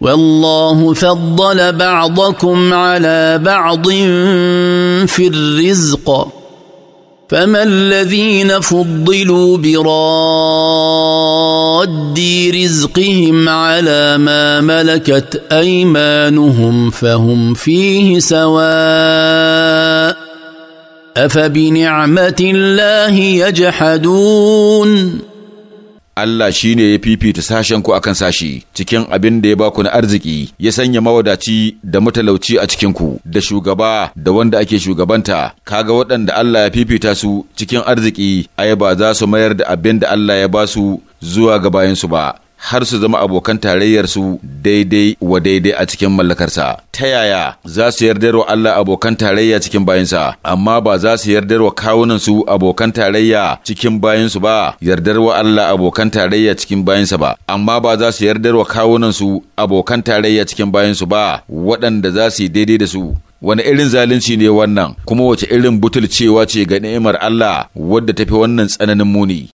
والله فضل بعضكم على بعض في الرزق فما الذين فضلوا براد رزقهم على ما ملكت ايمانهم فهم فيه سواء افبنعمه الله يجحدون Allah shi ne ya fifita sashen ku akan sashi cikin abin da ya ba ku na arziki ya sanya mawadaci da matalauci a cikin ku da shugaba da wanda ake shugabanta kaga waɗanda Allah ya fifita su cikin arziki ai ba za su mayar da abin da Allah ya ba su zuwa ga bayansu ba har su zama abokan tarayyar su. daidai wa daidai a cikin mallakarsa ta yaya za su yardarwa Allah abokan tarayya cikin bayansa amma ba za su yardarwa kawunan su abokan tarayya cikin bayansu ba yardarwa Allah abokan tarayya cikin bayansa ba amma ba za su yardarwa kawunan su abokan tarayya cikin bayansu ba waɗanda za su yi daidai da su wani irin zalunci ne wannan kuma wace irin butulcewa ce ga ni'imar Allah wadda tafi wannan tsananin muni